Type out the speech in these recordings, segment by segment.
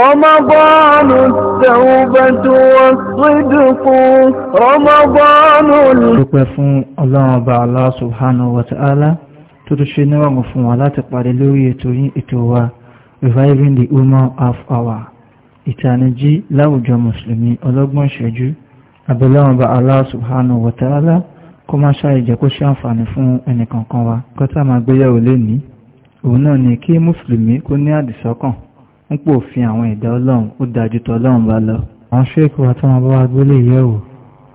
رمضان التوبة والصدق رمضان dúpẹ́ fún Ọlọ́run Ọba Allah subhanahu wa ta'ala tó tún ṣe níwọ̀n fún wa láti reviving the human of our ìtànìjí láwùjọ mùsùlùmí ọlọ́gbọ̀n ṣẹ́jú abẹ́lẹ́wọ̀n Ọba Allah subhanahu wa ta'ala kó má ṣáà ìjẹ́ kó ṣe àǹfààní fún ẹnìkankan wa kọ́tà máa gbéyàwó lẹ́ni òun náà ni kí mùsùlùmí kó ní àdìsọ́kàn ń pò fi àwọn ẹ̀dá ọlọ́run ó dájú tọ́ ọlọ́run bá lọ. àwọn sheik wa tí wọ́n bá wá gbélé yẹ̀wò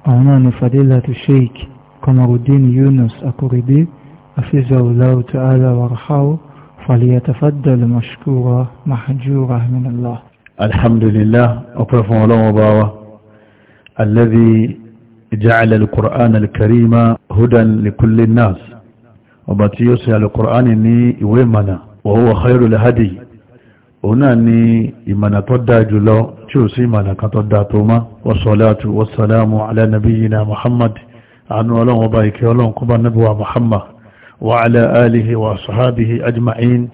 àwọn náà ni fadilatu sheik Kamarudin Yunus Akuribi afizahullahu ta'ala warhaw falyatafaddal mashkura mahjura min Allah. alhamdulillah fún ọlọ́run bá wa alladhi ja'ala al-Qur'ana hudan likulli ọba tí yóò ṣe al ní ìwé ìmọ̀nà wa huwa khairu al òun náà ni ìmọ̀nà tó dáa jùlọ tí ó sí ìmọ̀nà kan tó dáa tó má wassalatu wassalamu ala nabiyyina muhammad àánú ọlọ́run ọba ìkẹ́ ọlọ́run kọba nabuwa muhammad wa ala alihi wa sahabihi ajma'in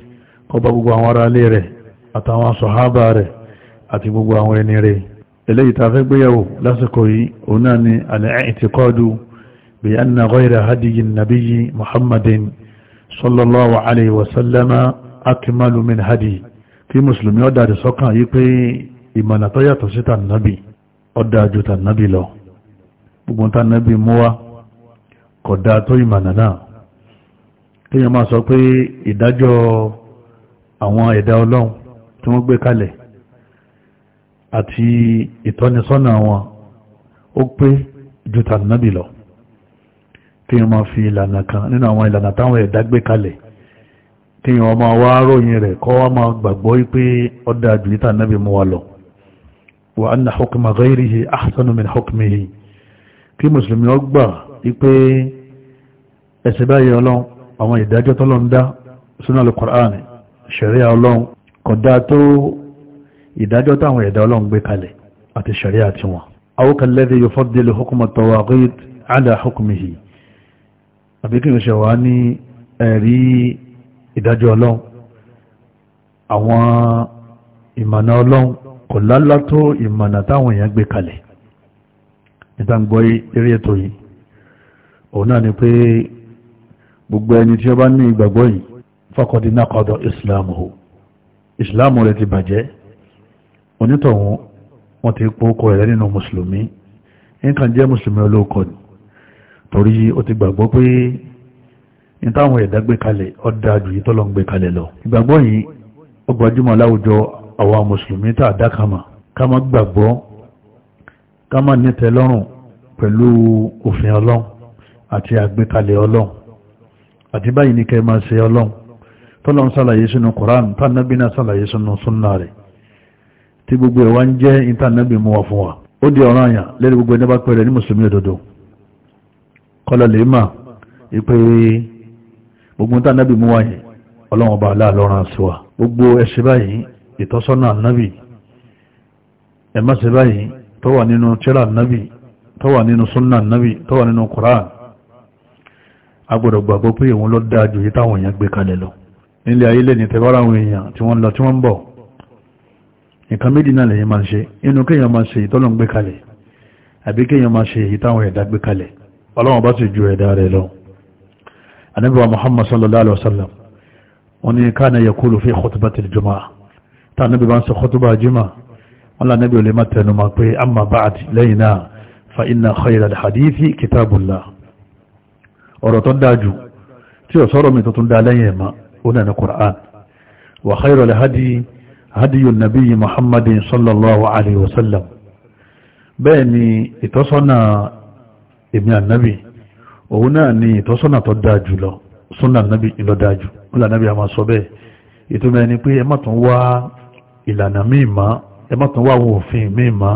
kọba gbogbo àwọn ará ilé rẹ̀ àtàwọn sahaba rẹ̀ àti gbogbo àwọn ẹni rẹ̀ eléyìí ta fẹ́ gbéyàwó min hadiyi kí mùsùlùmí ó dàdì sọ́kàn yí pé ìmọ̀nà tó yàtọ̀ sí tànàbì ó dájú tànàbì lọ gbogbo tànàbì mú wá kódà tó ìmọ̀nà náà kíyàn máa sọ pé ìdájọ́ àwọn ẹ̀dá ọlọ́run tí wọ́n gbé kalẹ̀ àti ìtọ́nisọ́nà wọn ó pé ju tànàbì lọ kíyàn máa fi ìlànà kan nínú àwọn ìlànà táwọn ẹ̀dá gbé kalẹ̀ kíyàn ọmọ wa ròyìn rẹ̀ kọ́ wá máa gbàgbọ́ pé ọdá àjùlítà náàbì mú wa lọ wa anna hukma ghayrihi ahsanu min hukmihi kí mùsùlùmí ó gbà pé ẹ̀sẹ̀ báyìí ọlọ́run àwọn ìdájọ́ tọ́lọ́run dá sínú al-Qur'an ṣẹ̀ríà ọlọ́run kódà tó ìdájọ́ táwọn ẹ̀dá ọlọ́run gbé kalẹ̀ àti ṣẹ̀ríà tiwọn aw kalladhi yufaddilu ìdájọ́ ọlọ́run àwọn ìmọ̀nà ọlọ́run kò lálá tó ìmọ̀nà táwọn èèyàn gbé kalẹ̀ níta ń gbọ́ eré ètò yìí òun náà ni pé gbogbo ẹni tí ó bá ní ìgbàgbọ́ yìí fọ́kọ̀dí nákọ̀dọ̀ islam hù islam rẹ̀ ti bàjẹ́ onítọ̀hún wọ́n ti pọ́ ọkọ̀ rẹ̀ nínú mùsùlùmí nǹkan jẹ́ mùsùlùmí olóòkọ̀ ni torí ó ti gbàgbọ́ pé ìtàwọn ẹ̀dá gbé kalẹ̀ ọ̀dà àjù yìí tọ́lọ́ ń gbé kalẹ̀ lọ. ìgbàgbọ́ yìí ó gbajúmọ̀ láwùjọ àwa mùsùlùmí tá dá kama ká má gbàgbọ́ ká má nítẹ́ lọ́rùn pẹ̀lú òfin ọlọ́run àti àgbékalẹ̀ ọlọ́run àti báyìí ní kẹ́ máa ṣe ọlọ́run tọ́lọ́run sàlàyé sínú Koran tànàbí náà sàlàyé sínú súnà rẹ̀ tí gbogbo ẹ̀ wá ń jẹ́ ìtànàbí mú wa fún wa ó di ọ̀ràn àyàn lẹ́nu gbogbo ẹni bá pẹ̀lẹ́ ní mùsùlùmí òdodo kọ́lọ̀ lè mà ìpè gbogbo tá nábì mú wáyé ọlọ́run bá aláàlọ́ràn sí wa gbogbo ẹ̀ṣẹ̀ báyìí ìtọ́sọ́nà nábì ẹ̀mọ́sẹ̀ báyìí tó wà nínú tíra nábì tó wà nínú súnà nábì tó wà nínú Qur'an agbọ́dọ̀ gbàgbọ́ pé òun ló dáa jù yí táwọn èèyàn gbé kalẹ̀ lọ nílé ayé lẹ́ni tẹ́bára àwọn èèyàn tí wọ́n lọ tí wọ́n ń bọ̀ nǹkan méjì náà lẹ́yìn máa ń ṣe inú kéèyàn Ànábì wa Muhammad sallallahu alaihi wasallam wọ́n ní kana yakulu fi khutbati al-jumu'ah ta Ànábì bá ń sọ khutba juma wọ́n la Ànábì ó lè má tẹnu mọ́ pé amma ba'd layna fa inna khayra al-hadithi kitabullah ọ̀rọ̀ tó dájú tí ó sọ̀rọ̀ mi tó tún dá lẹ́yìn ma ó na Qur'an wa khayra al-hadi hadiyu an-nabiy Muhammadin sallallahu alaihi wasallam bẹ́ẹ̀ ni ìtọ́sọ́nà èmi Ànábì òun náà ni ìtọ́sọ́nà tó dáa jù lọ súnà nábì lọ dáa jù ọlà nábì àmà sọ bẹ́ẹ̀ ìtumọ̀ ẹni pé ẹ má tún wá ìlànà míì mọ́ ẹ má tún wá àwọn òfin míì mọ́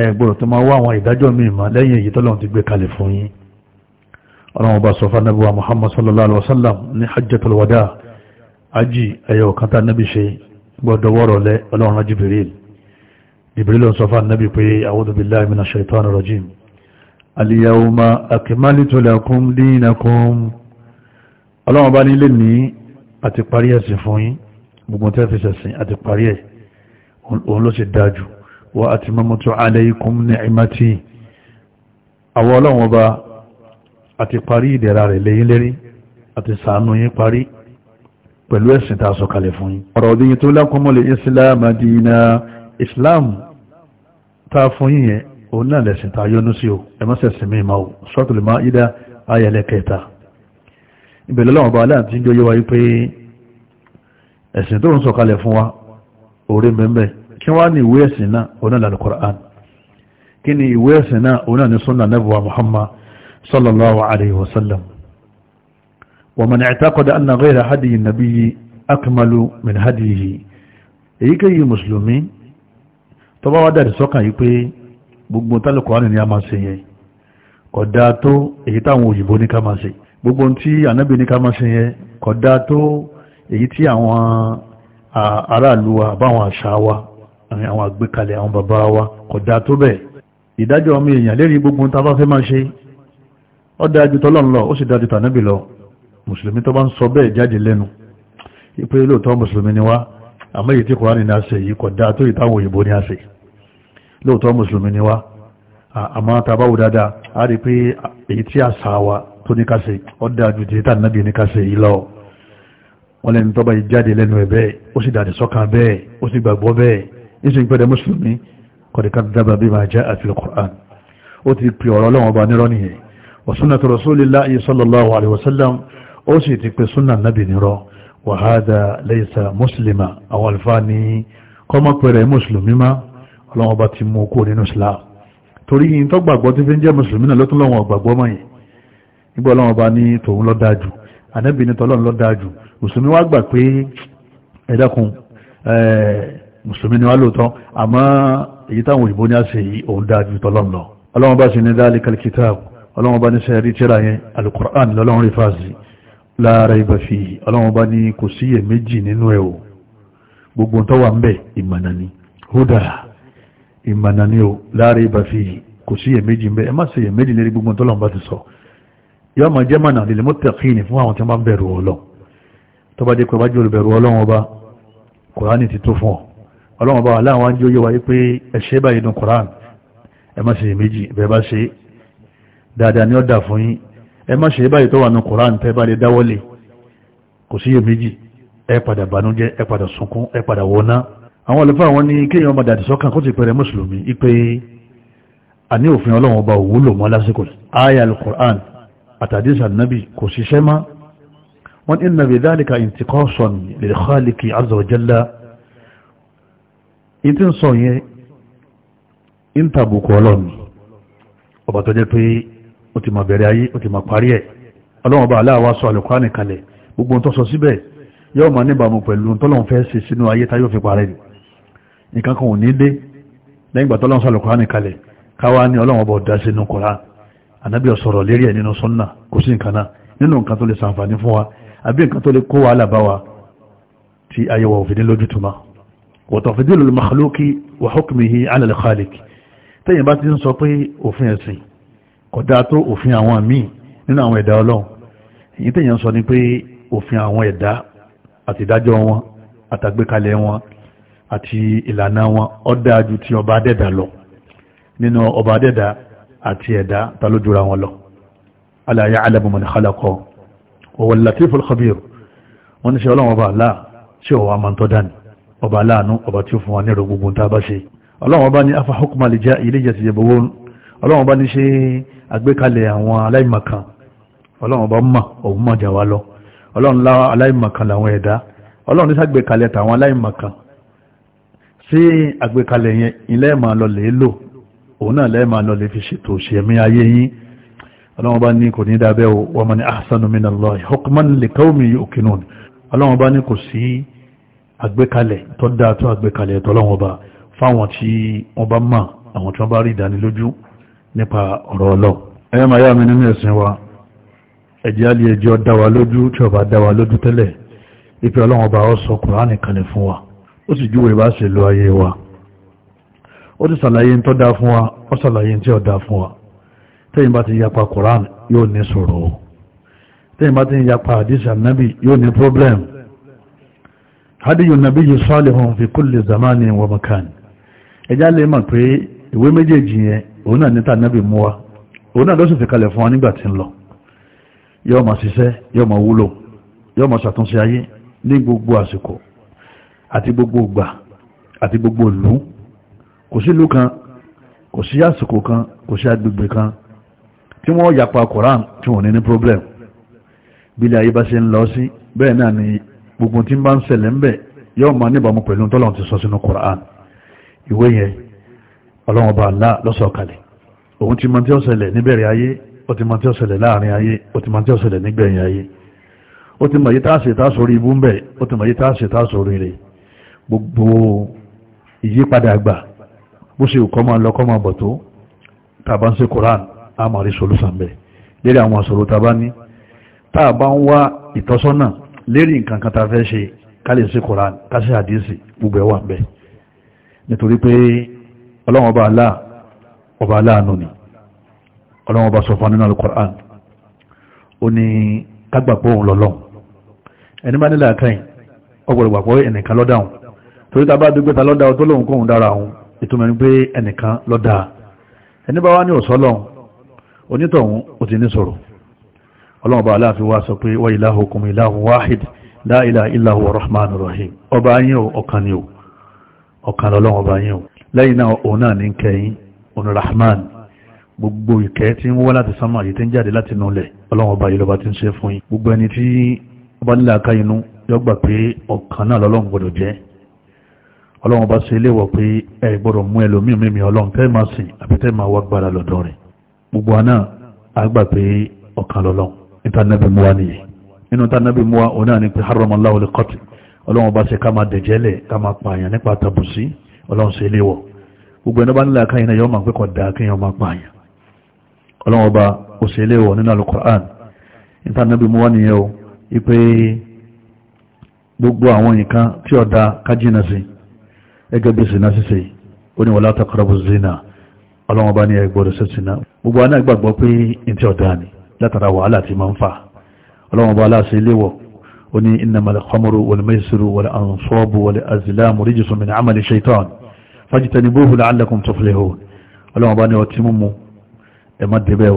ẹ gbọ́dọ̀ tó máa wá àwọn ìdájọ́ míì mọ́ lẹ́yìn èyí tọ́lọ́run ti gbé kalẹ̀ fún yín ọlọ́run ọba sọ fún anábì wa muhammad sallallahu alayhi wa ṣe gbọ́dọ̀ wọ́rọ̀ aliyahuma akimalitu lakum dinakum ọlọ́wọ́n bá nílé ní àti parí ẹ̀sìn fún yín gbogbo tẹ́ fi ṣẹ̀sìn àti parí ẹ̀ òun ló ṣe dájú wa atmamtu alaykum ni'mati àwọn ọlọ́wọ́n bá àti parí ìdẹ̀ra rẹ̀ lẹ́yìn lérí àti sàánú yín parí pẹ̀lú ẹ̀sìn tá a fún yín ọ̀rọ̀ òun náà lẹ̀sìn ta yọ́nú sí o ẹmọ́sẹ̀sìn mi ma o suratul Maida ayẹlẹ kẹta ìbẹ̀lẹ̀ lọ́wọ́ bá aláàtí ń jọyọ́ wáyé pé ẹ̀sìn tó ń sọ̀kalẹ̀ fún wa orí mẹ́mẹ́ kí wá ní ìwé ẹ̀sìn náà òun náà lálùkọ̀rán kí ni ìwé ẹ̀sìn náà òun náà ní sunna nabuwa Muhammad sallallahu wá dàdí sọ́kàn yìí pé gbogbo tálẹ̀ kọ́ránì ni a máa ṣe yẹn kódà tó èyí táwọn òyìnbó ní ká máa ṣe gbogbo tí ànábì ní ká máa ṣe yẹn kódà tó èyí tí àwọn aráàlú wa àbáwọn àṣà wa àwọn àgbékalẹ̀ àwọn bàbá wa kódà tó bẹ́ẹ̀ ìdájọ́ ọmọ èèyàn lérí gbogbo tá a bá fẹ́ máa ṣe ó dájú tọ́lọ́n lọ ó sì dájú tànábì lọ mùsùlùmí tó bá ń sọ bẹ́ẹ̀ jáde lẹ́nu ìpínlẹ̀ lóòótọ́ mùsùlùmí ni wá àmọ́ èyí tí kòránì ní a ṣe yìí kódà tó ìtàwọn lóòótọ́ mùsùlùmí ni wá àmọ́ tá a bá wò dáadáa a rí pé èyí tí àṣà wa tó ní kásẹ̀ ó dáa ju tìrítà nàbì ní kásẹ̀ yìí lọ wọ́n lẹ́nu tọ́ba yìí jáde lẹ́nu ẹ̀ bẹ́ẹ̀ ó sì dàdí sọ́kàn bẹ́ẹ̀ ó sì gbàgbọ́ bẹ́ẹ̀ níṣẹ́ ìpẹ́dẹ̀ mùsùlùmí kọ̀díkà dábàá bí máa jẹ́ àti quran ó ti pè ọ̀rọ̀ ọlọ́wọ́n bá nírọ́ nìyẹn wa súnà nàbì nírọ́ wa hadha laysa ọlọ́wọ́n bá ti mú kó nínú islam torí yìí tó gbàgbọ́ tí fi ń jẹ́ mùsùlùmí náà lọ́tún lọ́wọ́n gbàgbọ́ mọ́ yìí nígbà ọlọ́wọ́n bá ní tòun lọ́ dáa jù ànábì ní tọ́lọ́run lọ́ dáa jù mùsùlùmí wá gbà pé ẹ dákun ni wá lóòótọ́ àmọ́ èyí táwọn òyìnbó ní àṣẹ yìí òun dáa jù tọ́lọ́run lọ ọlọ́wọ́n bá sì ní dhalikal kitab ọlọ́wọ́n bá ní sẹ́ẹ̀rí tíra yẹn alukur'an lọ́lọ́run rí ìmọ̀nà ni o láàrin ibà fi yìí kò sí iyèméjì ń bẹ ẹ má ṣe iyèméjì lérí gbogbo tó lọ́nba ti sọ yóò máa jẹ́ mọ̀nà lè mú tẹ̀kín fún àwọn tí wọ́n bá ń bẹ̀rù ọlọ́ tó bá jẹ́ pé wájú olùbẹ̀rù ọlọ́wọ́n ọba kùránì ti tó fún ọ ọlọ́wọ́n ọba aláwọ̀ á ń jóyè wáyé pé ẹ ṣe báyìí nu kùrán ẹ má ṣe iyèméjì bẹ́ẹ̀ bá ṣe dáadáa ni ó fún yín ẹ má ṣe báyìí tó wà nu kùrán tẹ́ bá lè dáwọ́lé kò sí iyèméjì ẹ padà bànújẹ́ ẹ padà sunkún ẹ padà wọná àwọn olùfẹ́ àwọn ní kéèyàn ọmọdé àdìsọ́kàn kó ti pẹ̀rẹ̀ mùsùlùmí ipe àní òfin ọlọ́run ọba òwúlò mọ́ lásìkò ayà al-Qur'an àtàdísà nábì kò ṣiṣẹ́ má wọ́n inna bi dhalika intiqasan lil khaliqi azza wa jalla in ti ń sọ yẹn in tàbùkù ọlọ́run ọba tó jẹ́ pé ó ti máa bẹ̀rẹ̀ ayé ó ti máa nǹkan kan ò ní dé lẹ́yìn ìgbà tọ́lọ́run sọ̀rọ̀ kọ́ránì kalẹ̀ káwá ní ọlọ́run ọba ọ̀dá sínú kọ́rán ànábì ọ̀sọ̀rọ̀ lérí ẹ̀ nínú sọ́nà kò sí nǹkan náà nínú nǹkan tó lè sàǹfààní fún wa àbí nǹkan tó lè kó wa alábá wa tí ayẹwò òfin lójútùmá wọ̀tọ̀fẹ́dìlù lùmọ̀lókì wà hókùnmíhì alàlẹ́kọ́lẹ́kì tẹ́yìn bá ti ń sọ pé òfin ẹ̀sìn kódà tó òfin àwọn míì nínú àwọn ẹ̀dá ọlọ́run èyí tẹ́yìn sọ ni pé òfin àwọn ẹ̀dá àtìdájọ́ wọn àtàgbékalẹ̀ wọn àti ìlànà wọn ọdá ju ti ọba adẹ́dà lọ nínú ọba adẹ́dà àti ẹ̀dá ta ló jura wọn lọ ala ya'lamu man khalaqa wa huwa al-latiful khabir wọ́n ní ṣe ọlọ́run ọba àlá ṣe ọwọ́ àmàntọ́ dání ọba aláàánú ọba tí ó fún wa ní ìrògbogbo tá a bá ṣe ọlọ́run ọba ní afa lè já ilé ìjẹsì ìjẹbọwọ́ ọlọ́run ọba ní ṣe àgbékalẹ̀ àwọn aláìmọ̀kan ọlọ́run ọba mọ̀ òun mọ̀ jà lọ ọlọ́run láwọn aláìmọ̀kan làwọn ẹ̀dá ọlọ́run ní sàgbékalẹ̀ tàwọn aláìmọ̀kan sí àgbékalẹ̀ yẹn ilẹ̀ máa lọ lè lò òun náà lẹ́ẹ̀ máa lọ lè fi ṣètò ṣèmí ayé yín ọlọ́wọ́n bá ní kò ní dábẹ́ o wa man ahsanu minallahi hukman li qawmin yuqinun ọlọ́wọ́n bá ní kò sí àgbékalẹ̀ tó dáa tó àgbékalẹ̀ tọ́lọ́wọ́n bá fáwọn tí wọ́n bá mọ̀ àwọn tí wọ́n bá rí ìdánilójú nípa ọ̀rọ̀ ọlọ́ ẹ̀yẹ́ máa yá mi nínú ẹ̀sìn wa ẹ̀jẹ̀ alẹ́ ẹjọ́ dá wa lójú tí ó bá dá wa lójú tẹ́lẹ̀ ó sì júwèé bá ṣe lo ayé wa ó ti sàlàyé ń tọ́dá fún wa ó sàlàyé ń tí ọ̀dá fún wa tẹ́yìn bá ti yapa Koran yóò ní sọ̀rọ̀ tẹ́yìn bá ti yapa hadith annabi yóò ní problem hadiyu nabi yìí sọ́lẹ̀hùn fi kulli zamani wa makan ẹjá lè mọ̀ pé ìwé méjèèjì yẹn òun náà níta nabi mú wa òun náà ló sì fi kalẹ̀ fún wa nígbà tí ń lọ yóò ṣiṣẹ́ yóò wúlò yóò ṣàtúnṣe ayé ní gbogbo àsìkò àti gbogbo ìgbà àti gbogbo ìlú kò sí ìlú kan kò sí àsìkò kan kò sí agbègbè kan tí wọ́n yapa Koran tí wọ́n ní ní problem bílẹ̀ ayé bá ṣe ń lọ sí bẹ́ẹ̀ náà ni gbogbo tí ń bá ń ṣẹlẹ̀ ń bẹ̀ yóò máa níbàmú pẹ̀lú tọ́lọ́run ti sọ sínú Koran ìwé yẹn ọlọ́run ọba Allah lọ́sọ̀kalẹ̀ òun ti máa tí ó ṣẹlẹ̀ níbẹ̀rẹ̀ ayé ó ti máa tí ó ṣẹlẹ̀ láàrin ayé ó ti máa tí ó ṣẹlẹ̀ nígbẹ̀yìn ayé ó ti mọ̀ yí tá a ṣe tá a sórí ibú ń bẹ̀ ó ti mọ̀ yí tá a ṣe tá a sórí rẹ̀ gbogbo ìyípadà àgbà bó ṣe kọ́ máa lọ kọ́ máa bọ̀ tó tàbá ń ṣe koran a máa rí solúsàn bẹ̀ lérí àwọn àṣòro tàbá ní tàbá ń wá ìtọ́sọ́nà lérí nǹkan kan ta fẹ́ ṣe ká lè ṣe koran ká ṣe àdíyèsí gbogbo ẹ̀ wà ń bẹ̀ nítorí pé ọlọ́run ọba aláà ọba aláàánú ni ẹnìkan lọ́dáhùn torí tá a bá dúgbé ta lọ́dà ọtọ́ lòun kóhun dára òun ìtumọ̀ ni pé ẹnìkan lọ́dà ẹni bá wá ní òsọ́ lọ́hun onítọ̀hún ó ti ní sọ̀rọ̀ ọlọ́run bá aláàfin wá sọ pé wáyé ilahukum ilahun wahid la ilaha illa huwa rahman rahim ọba yín o ọ̀kan ni o ọ̀kan lọ́lọ́run ọba yín gbogbo ìkẹ́ tí ń wọ́ láti sánmà yìí tí ń jáde láti nulẹ̀ ọlọ́run yìí lọ́ba ti ń ṣe fún yín gbogbo ẹni tí ọba nílà káyinú yọgbà pé ọ̀kan náà jẹ́ ọlọ́run bá ṣe léwọ̀ pé ẹ gbọ́dọ̀ mú ẹlòmíì mímí ọlọ́run tẹ́ máa sìn àbí tẹ́ máa wá gbára lọ́dọ̀ rẹ̀ gbogbo àná àgbà pé ọ̀kan lọ́lọ́run níta nábì mú wa nìyẹn nínú tá nábì mú wa òun náà ni pé haram aláwo lè kọ́tì ọlọ́run bá ṣe ká máa dẹ̀jẹ́lẹ̀ ká máa pààyàn nípa tàbùsí ọlọ́run ṣe léwọ̀ gbogbo ẹni bá nílẹ̀ akáyìn náà yọ máa pẹ́kọ̀ dáa kéèyàn gẹ́gẹ́ bí zina ṣíṣe ó ní wala taqrabu zina ọlọ́wọ́n bá ní ẹgbọ́dọ̀ ṣe zina gbogbo aná gbàgbọ́ pé ní ti ọ̀dá ni látara wàhálà ti máa ń fà ọlọ́wọ́n bá aláṣẹ iléwọ̀ ó ní innamal khamru wal maisiru wal ansabu wal azlamu rijsun min ní ọtí mímu ẹ má débẹ̀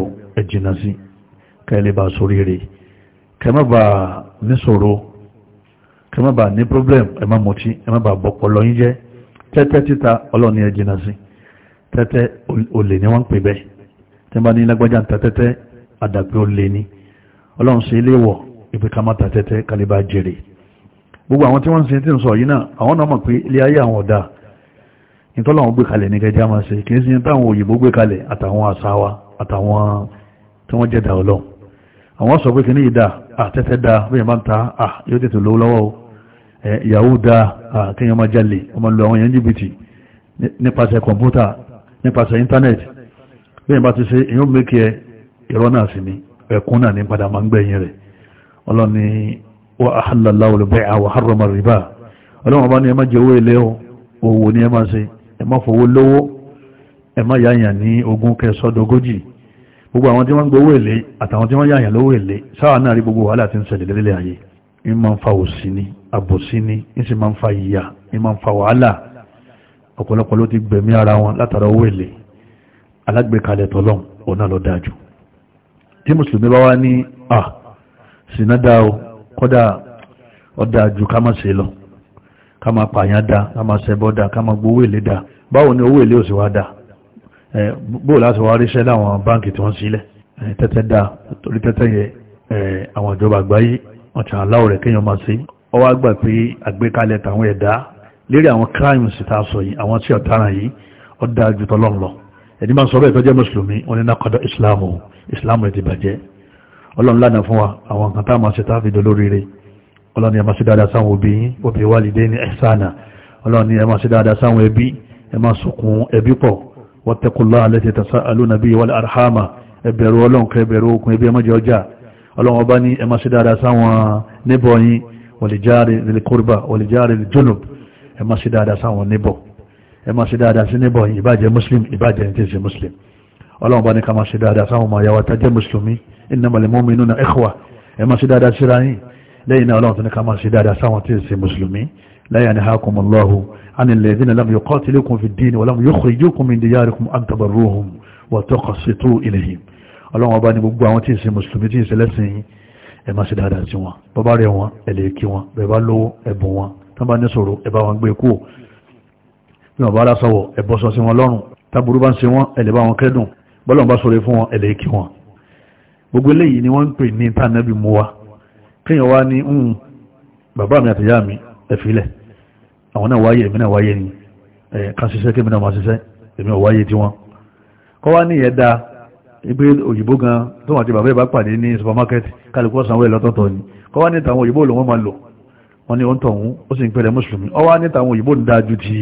o tẹ́tẹ́ títa ọlọ́ni ẹ jìnà sí tẹ́tẹ́ olè ni wọ́n ń pè bẹ́ẹ̀ tí wọ́n bá ní lágbájá ń ta tẹ́tẹ́ àdàpé olè ni ọlọ́run ṣe ilé wọ̀ ibi ká má ta tẹ́tẹ́ kálíbà jèrè gbogbo àwọn tí wọ́n ń sin tí ń sọ yìí náà àwọn náà mọ̀ pé ilé ayé àwọn ọ̀dà ìtọ́láwọn gbé kalẹ̀ ní gẹ́gẹ́ máa ṣe kì í sin táwọn òyìnbó gbé kalẹ̀ àtàwọn àṣà wa àtàwọn tí wọ́n jẹ́dà ọlọ́run àwọn sọ pé kì ní ìdá àtẹ́tẹ́ dá bí yẹn bá ń ta yóò tètè lówó lọ́wọ́ o Yahuda da kíyàn máa jalè ọmọ lọ àwọn èèyàn jìbìtì nípasẹ̀ kọ̀mpútà nípasẹ̀ íńtánẹ̀tì bí ìbá ti ṣe èyàn mékì ẹ sí ni ẹ̀kún náà ní padà máa ń gbẹ̀yìn rẹ̀ ọlọ́ni wa ahàlàlá olùbẹ́ àwọn harrama rìbá ọlọ́wọ́n bá ní ẹ má jẹ owó ilé owó ní ẹ má ṣe ẹ má fowó lówó ẹ má yáyàn ní ogún kẹsọ́dọ̀gójì gbogbo àwọn tí wọ́n ń gbowó èlé àtàwọn tí wọ́n yáyàn lówó èlé sáà náà rí gbogbo wàhálà ti ń ṣẹlẹ̀ lélẹ̀ ayé ń máa ń fa òsì ni àbòsí ni ń sì máa ń fa ìyà ń máa ń fa wàhálà ọ̀pọ̀lọpọ̀ ló ti gbẹ̀mí ara wọn látara owó èlé alágbèkalẹ̀ tọ́lọ́n òun náà lọ dájú tí mùsùlùmí bá wá ní à sínà dá o kọ́dà ọ̀dà ju ká máa ṣe lọ ká máa pààyàn dá ká máa ṣẹbọ dá ká máa gbowó èlé dá báwo ni owó èlé ò wá dá bóò láti wá ríṣẹ́ láwọn báǹkì tí wọ́n sílẹ̀ tẹ́tẹ́ dá torí tẹ́tẹ́ yẹ àwọn ìjọba àgbáyé wọ́n aláwọ̀ rẹ̀ kéèyàn máa ṣe ó wá gbà pé àgbékalẹ̀ tàwọn ẹ̀dá lérí àwọn crimes tá a sọ yìí àwọn tí ọ̀taràn yìí ó dáa ju tọ́lọ́n lọ ẹni máa ń sọ bẹ́ẹ̀ tó jẹ́ mùsùlùmí wọn ní nàkọ́dọ̀ ìsìláàmù ìsìláàmù ti bàjẹ́ ọlọ́run lánàá fún wa àwọn nǹkan tá a máa ṣe tá a fi dolóríire ọlọ́run yẹn máa ṣe dáadáa sáwọn òbí yín òbí wálidé ní ẹ̀sánà ọlọ́run yẹn máa ṣe dáadáa sáwọn ẹbí ẹ wọ̀lẹ̀járe lẹ́lẹ́kọ́rìbà wọ̀lẹ̀járe lẹ́jọ́nù ẹ máa ṣe dáadáa sáwọn níbọ̀ ẹ máa ṣe dáadáa sí níbọ̀ ìbájẹ́ muslim ìbájẹ́ tí ṣe muslim ọlọ́run bá ní ká máa ṣe dáadáa sáwọn ọmọ àyàwó tàjẹ́ musulmi innamal mu'minuna ikhwa ẹ máa ṣe dáadáa síra yín lẹ́yìn náà ọlọ́run tó ní ká máa ṣe dáadáa sáwọn tí ṣe musulmi la yanhakumullahu anil ladhina lam yuqatilukum fid din wa lam yukhrijukum min diyarikum an tabarruhum wa tuqsitu ilayhim ọlọ́run ọba ní gbogbo àwọn tí ṣe musulmi tí ṣe lẹ́sìn yìí ẹ máa ṣe dáadáa sí wọn bàbá rẹ̀ wọn ẹ lè kí wọn bẹ̀rẹ̀ bá lówó ẹ̀bùn wọn tán bá ní sọ̀rọ̀ ẹ bá wọn gbé kú bí wọn bá rà sọ̀wọ̀ ẹ bọ́ sọ sí wọn lọ́rùn táburú bá ń ṣe wọn ẹ lè bá wọn kẹ́dùn bọ́lọ̀ bá sọ̀rọ̀ fún wọn ẹ lè kí wọn. gbogbo eléyìí ni wọ́n ń pè ní tànàbí mu wa kéèyàn wá ní ń bàbá mi àtìyá mi ẹ filẹ̀ àwọn náà wáyé èmi náà wáyé ni ẹ kàn ṣiṣẹ́ kémi náà máa ṣiṣẹ́ èmi náà wáyé tiwọn kọ́ wá ní ìyẹn dáa ipe òyìnbó gan tó wọ́n ti bàbá ìbá pàdé ní supermarket kálukú ọ̀sánwó ìlọ́tọ̀ọ̀tọ̀ ni kọ́ wá níta àwọn òyìnbó ló wọ́n máa wọ́n ní oúntọ̀ ó sì ń pẹ̀lẹ̀ mùsùlùmí ọ wá níta àwọn òyìnbó ń ti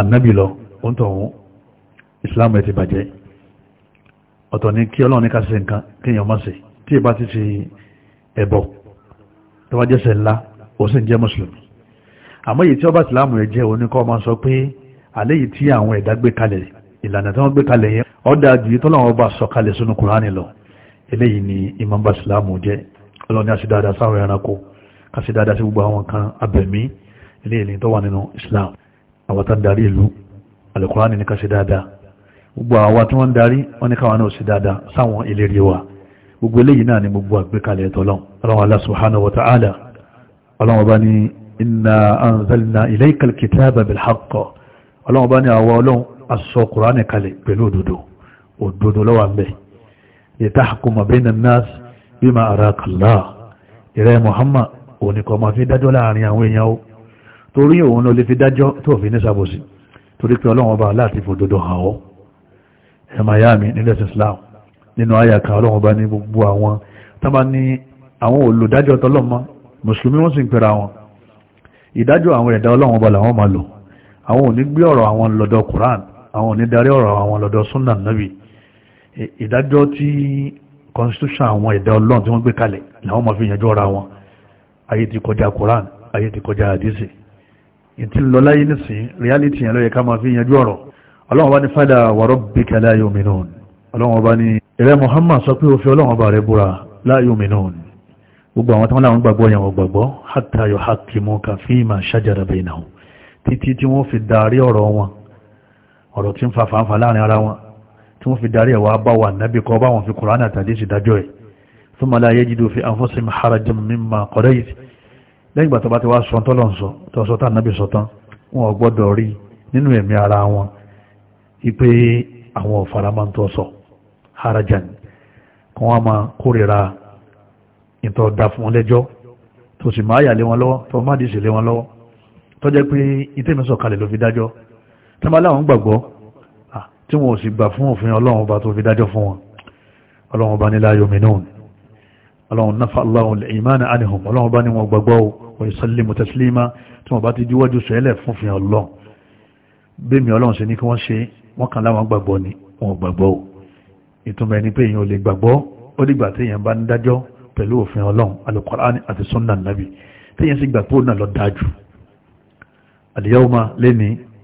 ànábì lọ oúntọ̀ Islam ẹ̀ ti bàjẹ́ ọ̀tọ̀ ni kí Ọlọ́run ní ká ṣe nǹkan kí èèyàn má ṣe tí ìbá ti ṣe ẹbọ tó bá jẹ́sẹ̀ ńlá ó sì ń jẹ́ mùsùlùmí àmọ́ èyí tí ọba ìsìláàmù ẹ̀ jẹ́ oníkọ́ máa sọ pé àléyìí tí àwọn ẹ̀dá gbé kalẹ̀ ìlànà tí wọ́n gbé kalẹ̀ yẹn ọ̀dà ju tọ́lọ́wọ́n bá sọ kalẹ̀ sínú kùránì lọ eléyìí ni imam basilamu jẹ́ ọlọ́ni àṣìdáadáa sáwọn ẹranko àṣìdáadáa sí gbogbo àwọn kan abẹ̀mí eléyìí ni tó wà nínú islam àwọn tá ń darí ìlú alukùránì ní ká ṣe dáadáa gbogbo àwa tí wọ́n ń darí wọ́n ní káwọn náà ṣe dáadáa sáwọn ìlérí wa gbogbo eléyìí náà ni gbogbo àgbékalẹ̀ ẹ̀tọ́ ọlọ́run ọlọ́run asọ kùránì kalẹ̀ pẹ̀lú òdodo òdodo lọ́wọ́ ń bẹ̀ lè tahkuma bayna an-nas bima araka Allah ìrẹ́ Muhammad òní kọ́ máa fi dájọ́ láàrin àwọn èèyàn ó torí òun ló lè fi dájọ́ tó fi ní sàbòsí torí pé ọlọ́run ọba láti fòdodo hàn ọ́ ẹ̀mà yá mi nílẹ̀ Islam nínú àyàkà ọlọ́run ọba ní gbogbo àwọn tó bá ní àwọn olùdájọ́ tọlọ́mọ mùsùlùmí wọ́n sì ń pera wọn ìdájọ́ àwọn ẹ̀dá ọlọ́run ọba làwọn máa lò àwọn ò ní gbé ọ̀rọ̀ àwọn lọ́dọ̀ Quran àwọn onídarí ọ̀rọ̀ àwọn lọ́dọ̀ súnà nàbì e, ìdájọ́ tí constitution àwọn ẹ̀dá ọlọ́run tí wọ́n gbé kalẹ̀ làwọn máa fi yanjú ọ̀rọ̀ àwọn ayé ti kọjá Quran ayé ti kọjá àdísì ìtì ń lọ láyé nísìn reality yẹn ló yẹ ká máa fi yanjú ọ̀rọ̀ ọlọ́run bá ní fala wa rabbika la yu'minun ọlọ́run bá ní ìrẹ́ Muhammad sọ pé òfin fi darí ọ̀rọ̀ tí ń fa fàáfà láàrin ara wọn tí wọ́n fi darí ẹ̀wà bá wà nábì kọ́ bá wọn fi kùránì àtàdé sí dájọ́ ẹ̀ fún mọ́lá ayé jìdó fi anfusihim harajan mimma qadayt lẹ́yìn ìgbà tó bá ti wá sọ tọ́lọ̀ sọ tó sọ tá nábì sọ tán wọn ò gbọ́dọ̀ rí nínú ẹ̀mí ara wọn ipe àwọn ọ̀faramọ́ntọ́ sọ harajan kí wọ́n máa kórìíra ìtọ́ da fún lẹ́jọ́ tó sì máa yà lé wọn lọ́wọ́ tó má dì sí lé wọn lọ́wọ́ tó pé ìtẹ́mi sọ̀kalẹ̀ ló fi dájọ́ tí wọ́n láwọn gbàgbọ́ tí wọ́n sì gbà fún òfin ọlọ́run ọba tó fi dájọ́ fún wọn ọlọ́run ọba ní la yu'minun ọlọ́run nafa Allahu al-imana anhum ọlọ́run ọba ní wọn gbàgbọ́ wa yusallimu taslima tí wọ́n bá ti díwájú sẹ́lẹ̀ fún fi ọlọ́run bẹ́ẹ̀mí ọlọ́run ṣe ní kí wọ́n ṣe wọ́n kàn láwọn gbàgbọ́ ni wọn gbàgbọ́ o ìtumọ̀ òfin ọlọ́run alukur'ani àti sunna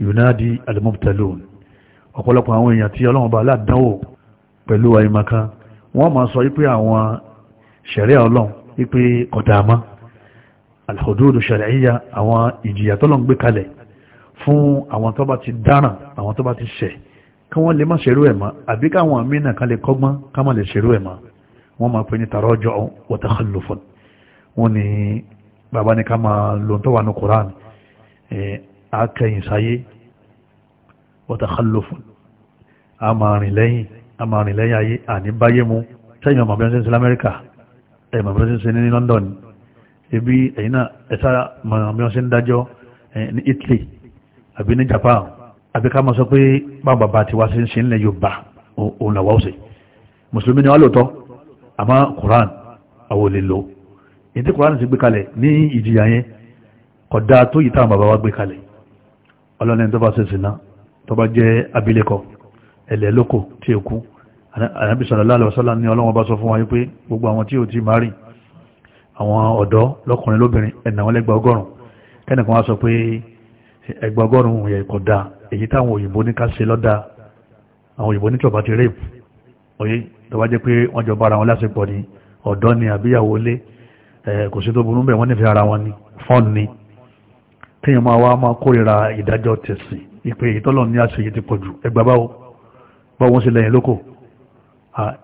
yunadi alimobtalon ọ̀pọ̀lọpọ̀ àwọn èèyàn tí ọlọ́run bá aládánwò pẹ̀lú àìmọ̀kan wọ́n máa sọ wípé àwọn ṣẹ̀rẹ́ ọlọ́run wípé kọ̀dàmá alhududu ṣẹ̀rẹ̀yà àwọn ìjìyà tọ́lọ́run gbé kalẹ̀ fún àwọn tó bá ti dáràn àwọn tó bá ti ṣẹ̀ kí wọ́n lè má ṣerú ẹ̀ mọ́ àbí káwọn amínà kan lè kọ́gbọ́n ká má lè ṣerú ẹ̀ wọ́n máa pè ní tàrọ́jọ́ wa takhallufun wọ́n ní bàbá ní ká máa lò tó wà ní Kùránì akẹyìn sáyé wọ́tàkálòfún amàrìnlẹ́yìn amàrìnlẹ́yìn ayé àníbáyé mu sẹ́yìn ọmọ abẹ́rẹ́ sí lamẹ́ríkà ẹ̀yìn ọmọ abẹ́rẹ́ sí ní London ebi ẹ̀yìn náà ẹ̀sà ọmọ abẹ́rẹ́ sí ń dájọ́ ní Italy àbí ní Japan àbí ká máa sọ pé bá bàbá ti wá sí ń ṣe ńlẹ̀ Yorùbá òun làwọ̀ ọ̀sẹ̀ mùsùlùmí ni wọ́n lò tọ́ àmọ́ Quran àwọn olè lò ètí Quran ti gbé kalẹ̀ ní ìjìyà yẹn kódà tó yìí táwọn bàbá wa gbé kalẹ̀ ọlọ́ni tó bá ṣe sìná tó bá jẹ́ abilékọ ẹ̀lẹ́ lóko tí ó kú ànábì sallallahu ní ọlọ́wọ́n bá sọ fún wa wípé gbogbo àwọn tí ò ti máa rìn àwọn ọ̀dọ́ lọ́kùnrin lóbìnrin ẹ̀nà wọn lẹ́gbàá ọgọ́rùn kẹ́nìkan wá sọ pé ẹgbàá ọgọ́rùn yẹn kò dáa èyí táwọn òyìnbó ní ká ṣe lọ́dà àwọn òyìnbó ní tọ̀bá ti rape oyè tó bá jẹ́ pé wọ́n jọ bára wọn lásìkò ni ọ̀dọ́ ni àbíyàwó lé kò sí tó burú bẹ́ẹ̀ wọ́n nífẹ̀ẹ́ ara wọn ni fọ́ọ̀n ni kéèyàn máa wá máa kórìíra ìdájọ́ tẹ̀sìn ìpè ìtọ́lọ̀ ní àṣeyẹ ti pọ̀jù ẹgbà báwo bá wọ́n ṣe lẹ́yìn lóko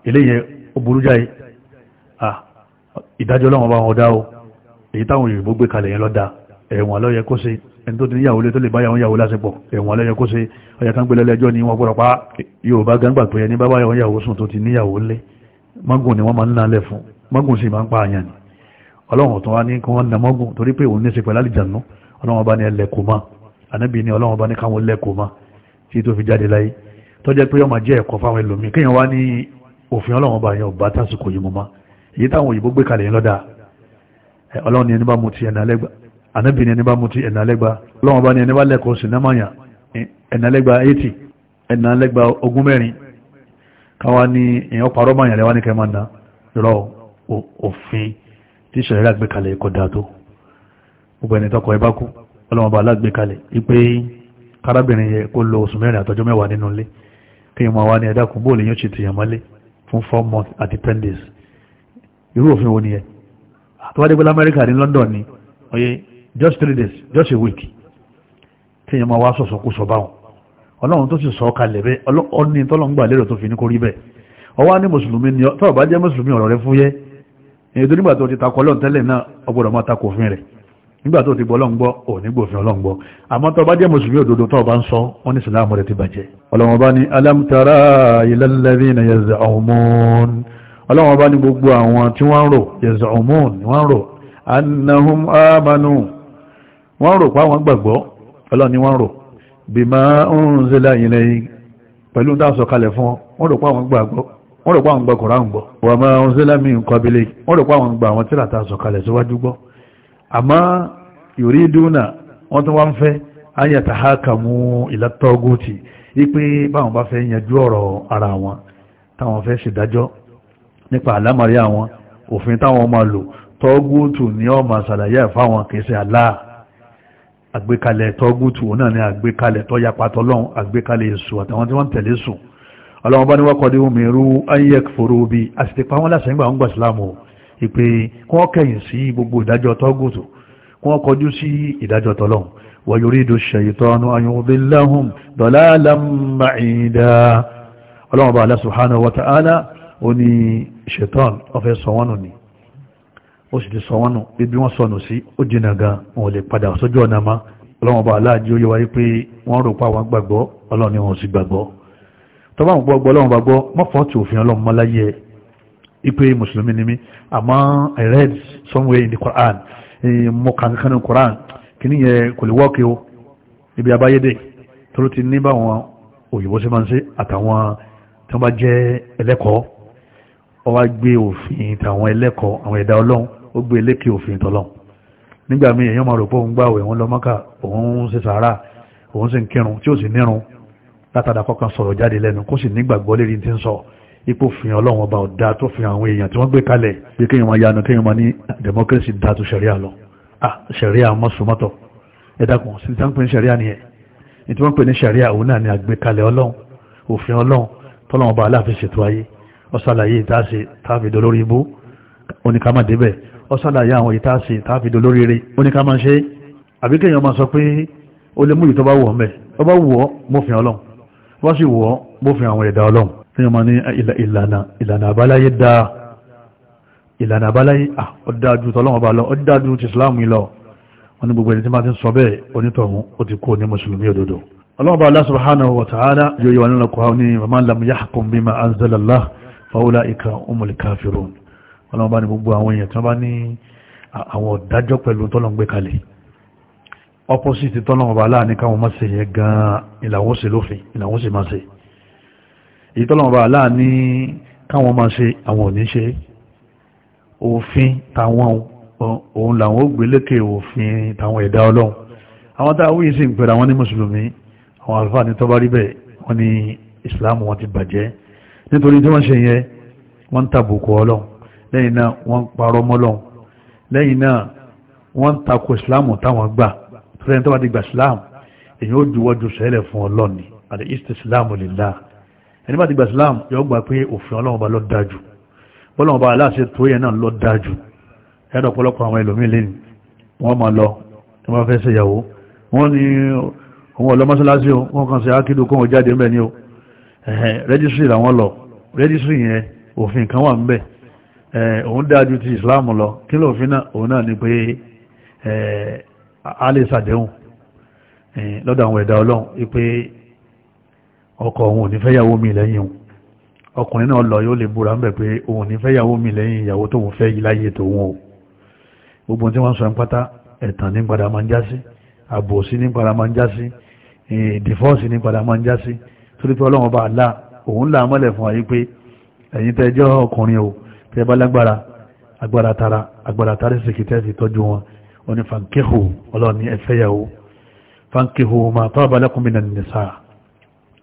eléyẹn ó burú jáì ìdájọ́ láwọn bá wọn dá o èyí táwọn òyìnbó gbé kalẹ̀ yẹn lọ́dà ẹ̀wọ̀n lọ́yẹ kó ṣe ẹni tó ti níyàwó lé tó lè báyàwó yàwó lásìpọ̀ ẹ̀wọ̀n lọ́yẹ kó ṣe ọyà kan gbélé lẹ́jọ́ ni wọ́n gbọ́dọ̀ pa Yorùbá gángbà pé ẹni bábá yàwó sùn tó ti níyàwó lé mágùn ni wọ́n máa ń ná lẹ̀ fún mágùn sì máa ń pa àyàn ni Ọlọ́run tó wá ní kí wọ́n na mágùn torí pé òun ní í ṣe pẹ̀lú àlìjànú ọlọ́wọ́n bá ní ẹlẹ́kùn mọ́ ànábì ní ọlọ́wọ́n bá ní káwọn lẹ́kùn mọ́ tí tó fi jáde láyé tọ́jẹ́ pé ọmọ jẹ́ ẹ̀kọ́ fáwọn ẹlòmíì kéèyàn wá ní òfin ọlọ́wọ́n bá yẹn ọba tásìkò yìí mọ́ èyí táwọn òyìnbó gbé kalẹ̀ yẹn lọ́dà ọlọ́wọ́n ní ẹni bá mutí ẹ̀nà lẹ́gbà ànábì ní ẹni bá mutí ẹ̀nà lẹ́gbà ọlọ́wọ́n bá ní ẹni bá lẹ́kọ̀ọ́ sinamanya gbogbo ẹni tọkọ ẹ bá kú ọlọ́wọ́n bá alágbè kalẹ̀ wípé arábìnrin yẹ kó lo oṣù mẹ́rin àtọjọ́ mẹ́wàá nínú ilé kéèyàn máa wá ní ẹ̀dá kún bóòlù yóò ṣe tìyàn mọ́lé fún four months àti ten days irú òfin wo nìyẹn àtúwádé ah, pẹ̀lú Amẹ́ríkà ní London ni oye just three days just a week kéèyàn máa wá sọ̀sọ̀ kú sọ báwọn ọlọ́run tó sì sọ ọ́ kalẹ̀ bẹ́ẹ̀ ọ̀ní tọ́lọ́ngbà lérò tó fi ní kó rí bẹ́ẹ̀ ọwọ́ ní mùsùlùmí ni tọ́ọ̀ bá jẹ́ mùsùlùmí ọ̀rọ̀ rẹ fúyẹ́ èdè nígbà tó ti takọ̀ ọlọ́run náà ọgbọ́dọ̀ máa takò òfin rẹ̀ nígbà tó ti gbọ́ lọ́ngbọ́ ò ní gbòfin ọlọ́ngbọ́ àmọ́ tó bá jẹ́ mùsùlùmí òdodo tó bá ń sọ wọ́n ní sìláàmù rẹ̀ ti bàjẹ́ ọlọ́wọ́n bá ní alam tara ilal ladhina yaz'umun ọlọ́wọ́n bá ní gbogbo àwọn tí wọ́n rò yaz'umun wọ́n rò annahum amanu wọ́n rò pa wọ́n gbàgbọ́ bima unzila ilayk pẹ̀lú tá a sọ kalẹ̀ fún wọ́n rò pa wọ́n gbàgbọ́ wọ́n rò pa wọ́n gbàkùnrà ń gbọ́ wa ma unzila àmọ́ yuriduna wọ́n tó wá ń fẹ́ ayàtà ha kàmú ìlàtọ́gùtì wípé báwọn bá fẹ́ yanjú ọ̀rọ̀ ara wọn táwọn fẹ́ ṣèdájọ́ nípa àlámàrí àwọn òfin táwọn máa lò tọ́gùtù ní ọmọ àṣàlàyé fáwọn kìíṣe àlá àgbékalẹ̀ tọ́gùtù náà ni àgbékalẹ̀ tọ́yapatọ́ lọ́hùn àgbékalẹ̀ èṣù àtàwọn tí wọ́n tẹ̀lé sùn ọlọ́wọ́n bá ní wọ́kọ̀dé omi irú ayẹ́kfòrò bíi àsìkò àwọn aláṣẹ ìpè kọ́ kẹ̀yìn sí gbogbo ìdájọ́ tọ́gùtù kọ́ kọjú sí ìdájọ́ tọ́lọ́hun wàyúrídò ṣẹ̀yìtọ́nù ayúnbíláhùn dọ̀láàlámbàáìdá ọlọ́wọ́n bá Allah subhanahu wa ta'ala ó ní ṣẹ̀tọ́n ọfẹ́ sọwọ́nù ni ó sì ti sọwọ́nù bí wọ́n ipe musulmi ni mi àmọ́ i read somewhere in the quran mo kàn kan ní quran Kini ni yẹ kò lè wọ́ọ̀kì o ibi abáyédè tó ti ní báwọn òyìnbó ṣe máa ń ṣe àtàwọn tí wọ́n bá jẹ́ ẹlẹ́kọ̀ọ́ wọ́n wá gbé òfin tàwọn ẹlẹ́kọ̀ọ́ àwọn ẹ̀dá ọlọ́run ó gbé lékè òfin tọ́lọ́run nígbà míì èèyàn máa rò pé òun gbààwẹ̀ òun lọ Mákà òun ṣe sàárà òun sì ń kírun tí ó sì nírun látàdà kọ́kàn sọ̀rọ̀ jáde lẹ́nu kó sì nígbàgbọ́ lérí ti ń sọ̀rọ̀ ipò fìyàn ọlọ́run ọba ọ̀dá tó fi àwọn èèyàn tí wọ́n gbé kalẹ̀ bí kéèyàn máa yanu kéèyàn máa ní democracy dá tó ṣẹ̀ríà lọ ah ṣẹ̀ríà mọ́sùmọ́tọ̀ ẹ dákun sí tí wọ́n pè ní ṣẹ̀ríà nìyẹn ní tí wọ́n pè ní ṣẹ̀ríà òun náà ni àgbékalẹ̀ ọlọ́run òfin ọlọ́run tọ́lọ́run ọba aláàfin ṣètò ayé ọ̀sàlàyé ìtaṣe táàfin dolórí ibú oníkàmá débẹ̀ ọ̀sàlàyé àwọn ìtaṣe táàfin dolórí ire oníkàmá ṣe àbí kéèyàn máa sọ pé ó lè mú ìtọ́ bá wù ọ́ mẹ́ ọ bá wù ọ́ mọ́fin ọlọ́run wọ́n sì wù ọ́ mọ́fin àwọn èèyàn máa ní ah, ìlànà àbáláyé dáa ìlànà àbáláyé ọ̀dájú ah, tọ́lọ́wọ́n bá lọ ọ̀dájú ti Islam lọ wọ́n ní gbogbo ẹni tí máa ti ń sọ bẹ́ẹ̀ onítọ̀hún ó ti kó ní mùsùlùmí òdodo ọlọ́wọ́n bá Allah subhanahu wa ta'ala yóò yọ nínú kọ́ ní man lam yahkum bima anzala Allah fa ulaika humul kafirun ọlọ́wọ́n bá ní gbogbo àwọn èèyàn tí wọ́n bá ní ah, àwọn ọ̀dájọ́ opposite tọ́lọ́wọ́n bá láàrin káwọn má ṣe gan-an ìlàwọ́sẹ̀ lófin ìlàwọ́sẹ̀ má ṣe èyí tọ́lọ̀mọba aláà ní káwọn máa ṣe àwọn òní ṣe òfin táwọn òun làwọn ó gbé lékè òfin táwọn ẹ̀dá ọlọ́run àwọn tá a wíyí sí ìpẹ̀rẹ̀ àwọn ní mùsùlùmí àwọn àlùfáà ní tọ́bá rí bẹ́ẹ̀ wọ́n ní ìsìláàmù wọn ti bàjẹ́ nítorí tí wọ́n ṣe yẹn wọ́n ń tàbùkù ọlọ́run lẹ́yìn náà wọ́n parọ́ mọ́lọ́run lẹ́yìn náà wọ́n takò ìsìláàmù táwọn gbà tọ́lẹ́yìn tó bá ti gbà ìsìláàmù èyí ó juwọ́ ju sẹ́lẹ̀ fún ọlọ́run ní àti ìsìláàmù lillah ẹni bá ti gba islam yọ gbà pé òfin ọlọ́run bá lọ dájú ọlọ́run bá aláṣẹ tó yẹn náà lọ dájú ẹ̀dọ̀ ọ̀pọ̀lọpọ̀ àwọn ẹlòmíì lẹ́nu wọ́n máa lọ wọ́n máa fẹ́ ṣe ìyàwó wọ́n ní òun ọ̀lọ́ wọ́n kàn sí akídò kóhun jáde ńbẹ̀ ni o rẹ́jísírì làwọn lọ rẹ́jísírì yẹn òfin kan wà ńbẹ̀ òun dájú ti islam lọ kí lófin náà òun náà ni pé a lè ṣàdéhùn lọ́dọ̀ àwọn ẹ̀dá ọlọ́run ọkọ òun ò ní fẹ́yàwó mi lẹ́yìn òun ọkùnrin náà lọ yóò lè búra ń bẹ̀ pé òun ò ní fẹ́yàwó mi lẹ́yìn ìyàwó tóun fẹ́ yí láyé tòun o gbogbo tí wọ́n sọ ń pátá ẹ̀tàn ní padà máa ń já sí àbòsí ní padà máa ń já sí dìfọ́ọ̀sì ní padà máa ń já sí torí pé ọlọ́run bá là òun là mọ́lẹ̀ fún ayé pé ẹ̀yin tẹ́ jẹ́ ọkùnrin o tẹ́ bá lágbára agbára tara agbára tara ìsìnkì tẹ́ fi tọ́jú wọn ó ní fankéhù ọlọ́run ní ẹ̀fẹ́yàwó fankéhù ma taba lakum minan nisa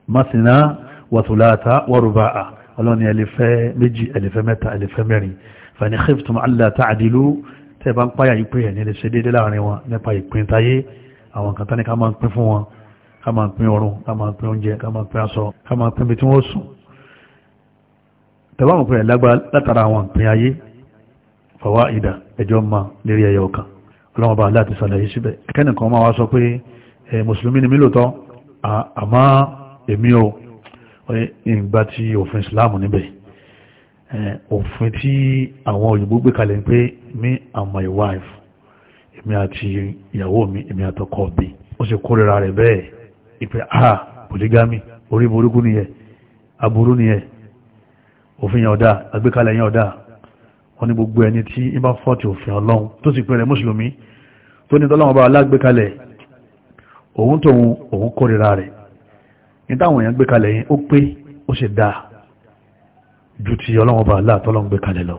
masina wàtúláta wàrúbáà ọlọ́ni ẹlẹ́fẹ́ méjì ẹlẹ́fẹ́ mẹ́ta ẹlẹ́fẹ́ mẹ́rin fani khiftum alla ta'dilu tẹ́ bá ń páyà ìpín ẹ̀ nílé ṣe déédé láàrin wọn nípa ìpín táyé àwọn kan tán ní ká máa ń pín fún wọn ká máa ń pín ọrùn ká máa ń pín oúnjẹ ká máa ń pín aṣọ ká máa ń pín ibi tí wọ́n sùn tẹ́wọ́n pín ẹ̀ lágbára látara àwọn ìpín èmi o ìgbà tí òfin ìsìláàmù níbẹ̀ òfin tí àwọn òyìnbó gbé kalẹ̀ pé me and my wife èmi àti ìyàwó mi èmi àtọkọ mi ó sì kórìíra rẹ̀ bẹ́ẹ̀ ìpè a ah, polygamy orí burúkú nìyẹn aburú nìyẹn òfin yẹn ọ̀dà àgbékalẹ̀ yẹn ọ̀dà wọ́n ní gbogbo ẹni tí ń bá fọ́ọ̀tì òfin ọlọ́run tó sì pẹ̀rẹ̀ mùsùlùmí tó ní tọ́lọ́wọ́n alágbékalẹ̀ òun tóun òun kórìíra rẹ̀ nítàwọn èèyàn gbé kalẹ̀ ya ó pé ó ṣe dáa ju ti ọlọ́run ọba aláàtọ́lọ́run gbé kalẹ̀ lọ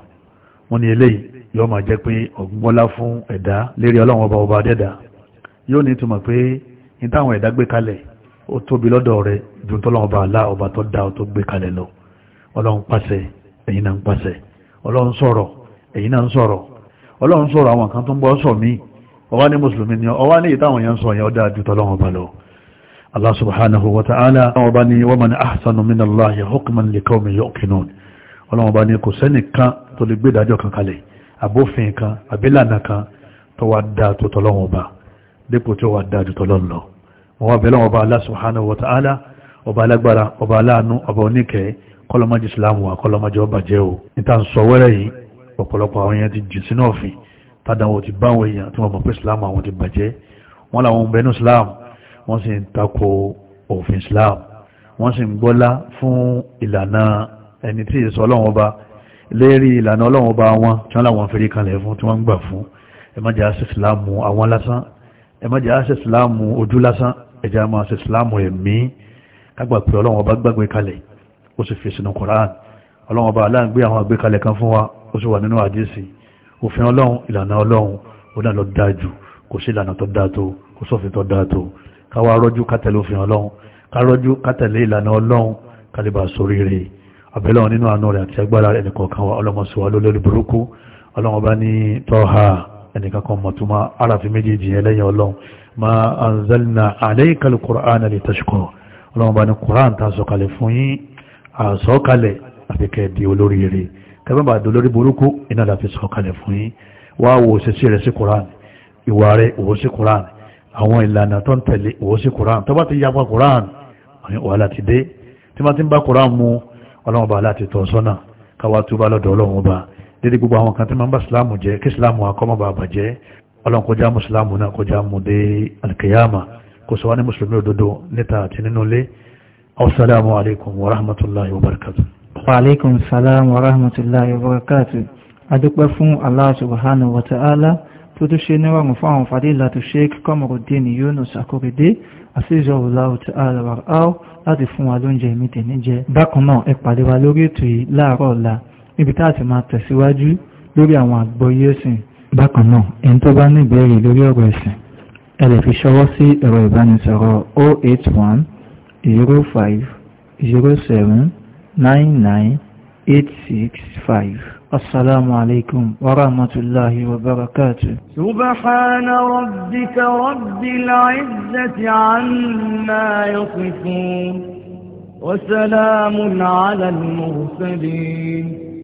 wọ́n ní eléyìí máa jẹ́ pé ọ̀gbọ́nlá fún ẹ̀dá lérí ọlọ́run ọba ọba yi yóò ní ìtumọ̀ pé nítàwọn ẹ̀dá gbé kalẹ̀ ó tóbi lọ́dọ̀ rẹ̀ ju tọ́lọ́run alá ọba tó dáa tó lọ ọlọ́run pàṣẹ ẹ̀yin náà ń pàṣẹ ọlọ́run sọ̀rọ̀ ẹ̀yin náà ń sọ̀rọ̀ ọlọ́run sọ̀rọ̀ àwọn kan tó ń sọ̀ Allah subhanahu wa ta'ala wọ́n bá ní wa man ahsanu min Allahi hukman li qawmin yuqinun wọ́n bá ní kò sẹ́nì kan tó lè gbé ìdájọ́ kan kalẹ̀ àbófin kan àbílànà kan tó wá dá tó tọ́lọ́wọ́n bá dípò tó wá dá tó tọ́lọ́n lọ wọ́n wá bẹ̀rẹ̀ ọba Allah subhanahu wa ta'ala ọba alágbára ọba aláàánú ọba oníkẹ́ kọlọmọjì islam wa kọlọmọjì ọba ń bẹnu islam wọ́n sì ń tako òfin islam wọ́n sì ń gbọ́lá fún ìlànà ẹni tí èso ọlọ́wọ́n bá lérí ìlànà ọlọ́wọ́n bá wọn tí wọ́n láwọn fèrè kalẹ̀ fún tí wọ́n ń gbà fún ẹ má jẹ́ àṣẹ ìsìláàmù àwọn lásán ẹ má jẹ́ àṣẹ ìsìláàmù ojú lásán ẹ jẹ́ àmọ́ àṣẹ ìsìláàmù ẹ̀mí kágbà pé ọlọ́wọ́n bá gbàgbé kalẹ̀ ó sì fi sínú koran ọlọ́wọ́n bá aláǹgbé àwọn àgbékalẹ̀ kan fún wa ó sì wà nínú àdísì òfin ọlọ́run ìlànà ọlọ́run ó náà lọ dáa jù kò sí ìlànà tó dáa tó kò sófin tó dáa tó káwa rọ́jú kátẹ̀lé òfin ọlọ́run ká rọ́jú kátẹ̀lé ìlànà ọlọ́run kálíbà sórí rẹ̀ àbẹ̀lọ́run nínú àánú rẹ̀ àti agbára ẹnìkọ̀ọ̀kan wa ọlọ́mọsíwá lólórí burúkú ọlọ́run bá ní tọ́ha ẹnìkan kan mọ̀túnmá aráàfin méjèèjì yẹn ọlọ́run ma anzalna alayka al-Qur'ana litashqa ọlọ́run bá ní Qur'an ta sọ̀kalẹ̀ fún yín àsọ̀kalẹ̀ àfikẹ́ di olórí rẹ̀ kẹfẹ́bà di olórí burúkú iná láfi sọ̀kalẹ̀ fún yín wá wo òṣèṣì rẹ̀ sí Qur'an ìwà rẹ̀ òwò sí Qur'an àwọn ìlànà tó ń tẹ̀lé ìwòsí koran tó bá ti yapa koran wàhálà ti dé tí ma ti ń bá koran mu ọlọ́run bá láti tọ́ sọ́nà káwá tó bá lọ́dọ̀ ọlọ́run bá dédé gbogbo àwọn kan tí ma ń bá sílámù jẹ́ kí sílámù akọ́mọ̀ bá bàjẹ́ ọlọ́run kọjá mu sílámù náà kọjá mu dé alkiyama kò sọ wá ní mùsùlùmí òdodo níta àti nínú ilé assalamu alaikum wa rahmatullahi wa barakatu. wa alaikum wa rahmatullahi wa barakatu. adúpẹ́ fún Allah subhanahu wa tó tún ṣe níwàrùn fún àwọn fàdílà tó ṣe Kamaruddin Yunus Akorede àṣíjọ́wòláwò tí a rẹwà áò láti fún wa lóúnjẹ ìmìtẹ̀ níjẹ bákan náà ẹ wa lórí ètò yìí láàárọ̀ ọ̀la níbi tá a ti máa tẹ̀síwájú lórí àwọn àgbọ́yé ẹ̀sìn bákan náà ẹni tó السلام عليكم ورحمة الله وبركاته سبحان ربك رب العزة عما يصفون وسلام على المرسلين